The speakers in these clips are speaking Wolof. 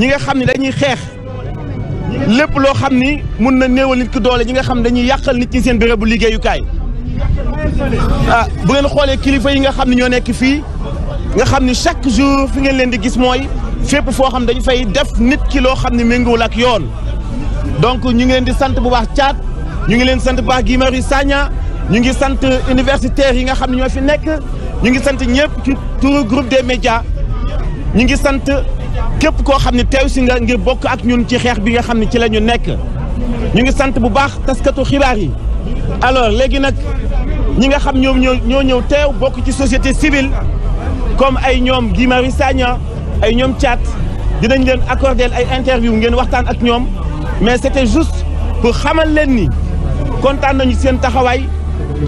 ñi nga xam ne dañuy xeex lépp loo xam ni mun na néewal nit ki doole ñi nga xam ne dañuy yàqal nit ñi seen bérébu liggéeyukaay ah bu ngeen xoolee kilifa yi nga xam ne ñoo nekk fii nga xam ni chaque jour fi ngeen leen di gis mooy fépp foo xam dañu fay def nit ki loo xam ne méngoowul ak yoon donc ñu ngi leen di sant bu baax caat ñu ngi leen sant bu baax Guy Marius Sagna ñu ngi sant universitaires yi nga xam ne ñoo fi nekk ñu ngi sant ñëpp ci groupe des médias ñu ngi sant képp koo xam ne teew si nga ngir bokk ak ñun ci xeex bi nga xam ne ci lañu ñu nekk ñu ngi sant bu baax taskatu xibaar yi alors léegi nag ñi nga xam ñoom ñoo ñoo ñëw teew bokk ci société civile comme ay ñoom Guy Marius Sagna ay ñoom Thiat dinañ leen accorder ay interview ngeen waxtaan ak ñoom mais c'était juste pour xamal leen ni kontaan nañu seen taxawaay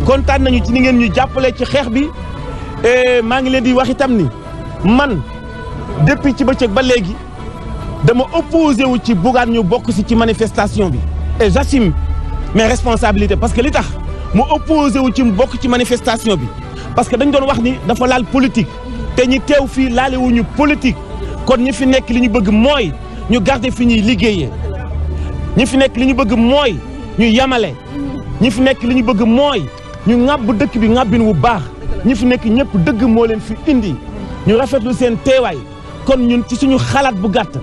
kontaan nañu ci ni ngeen ñu jàppale ci xeex bi et maa ngi leen di wax itam ni man depuis ci bëccëg ba léegi dama opposé wu ci Bougane ñu bokk si ci manifestation bi et j'assume mes responsabilités parce que li tax mu opposé wu ci bokk ci manifestation bi parce que dañu doon wax ni dafa laal politique te ñi teew fii laalewuñu politique kon ñi fi nekk li ñu bëgg mooy ñu garder fi ñuy liggéeyee ñi fi nekk li ñu bëgg mooy ñu yamale ñi fi nekk li ñu bëgg mooy ñu ŋàbb dëkk bi ŋàbbin wu baax ñi fi nekk ñëpp dëgg moo leen fi indi ñu rafetlu seen teewaay kon ñun ci suñu xalaat bu gàtt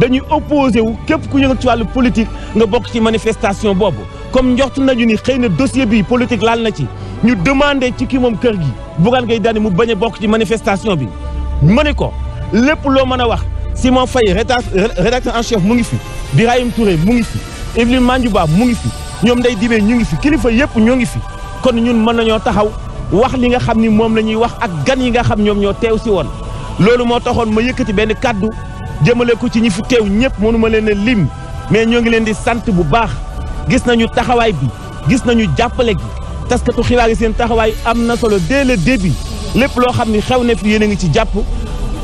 dañuy opposé wu képp ku yëngat ci wàllu politique nga bokk ci manifestation boobu comme njort nañu ni xëy na dossier bii politique laal na ci ñu demandé ci kii moom kër gi Bougane Gueye Dany mu bañ a bokk ci manifestation bi ma ne ko lépp loo mën a wax Simon Faye rédacteur en chef mu ngi fi Birahim Touré mu ngi fi Evelyne Mandiou Ba mu ngi fi ñoom Ndeye Dibe ñu ngi fi kilifa yëpp ñoo ngi fi kon ñun mën nañoo taxaw wax li nga xam ni moom la ñuy wax ak gan yi nga xam ñoom ñoo teew si woon loolu moo taxoon ma yëkkati benn kàddu jëmale ko ci ñi fi teew ñëpp mënuma leen lim mais ñoo ngi leen di sant bu baax gis nañu taxawaay bi gis nañu jàppale gi taskatu xibaar yi seen taxawaay am na solo dès le début lépp loo xam ni xew ne fi yéen a ngi ci jàpp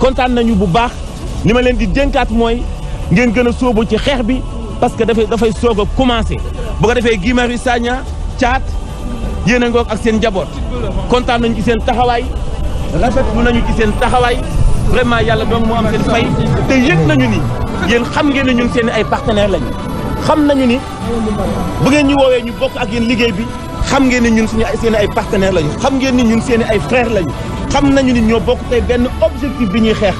kontaan nañu bu baax li ma leen di dénkaat mooy ngeen gën a sóobu ci xeex bi parce que dafay dafay soog a commencé bu ko defee Guy Marius caat yéen a ngoog ak seen njaboot kontaan nañu seen taxawaay rafetlu nañu ci seen taxawaay vraiment yàlla dong moo am seen fay te yëg nañu ni yéen xam ngeen ne ñun seen ay partenaires lañu xam nañu ni bu ngeen ñu woowee ñu bokk ak yéen liggéey bi xam ngeen ni ñun suñu seen ay partenaires lañu xam ngeen ni ñun seen ay frères lañu xam nañu ni ñoo bokk tey benn objectif bi ñuy xeex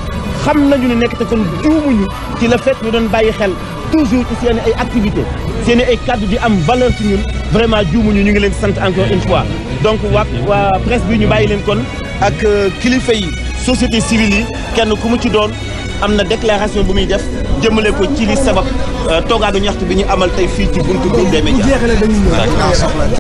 xam nañu ni nekk te kon ñu ci la fait ñu doon bàyyi xel toujours ci seen ay activité seen ay kàddu di am valeur ci ñun vraiment juumuñu ñu ngi leen sant encore une fois donc ñu bàyyi leen kon ak euh, kilifa yi société civile yi kenn ku mu ci doon am na déclaration bu muy def jëmale ko ci li sabab euh, toogaadu ñaxtu bi ñu amal tey fii ci buntu Groupe des Médias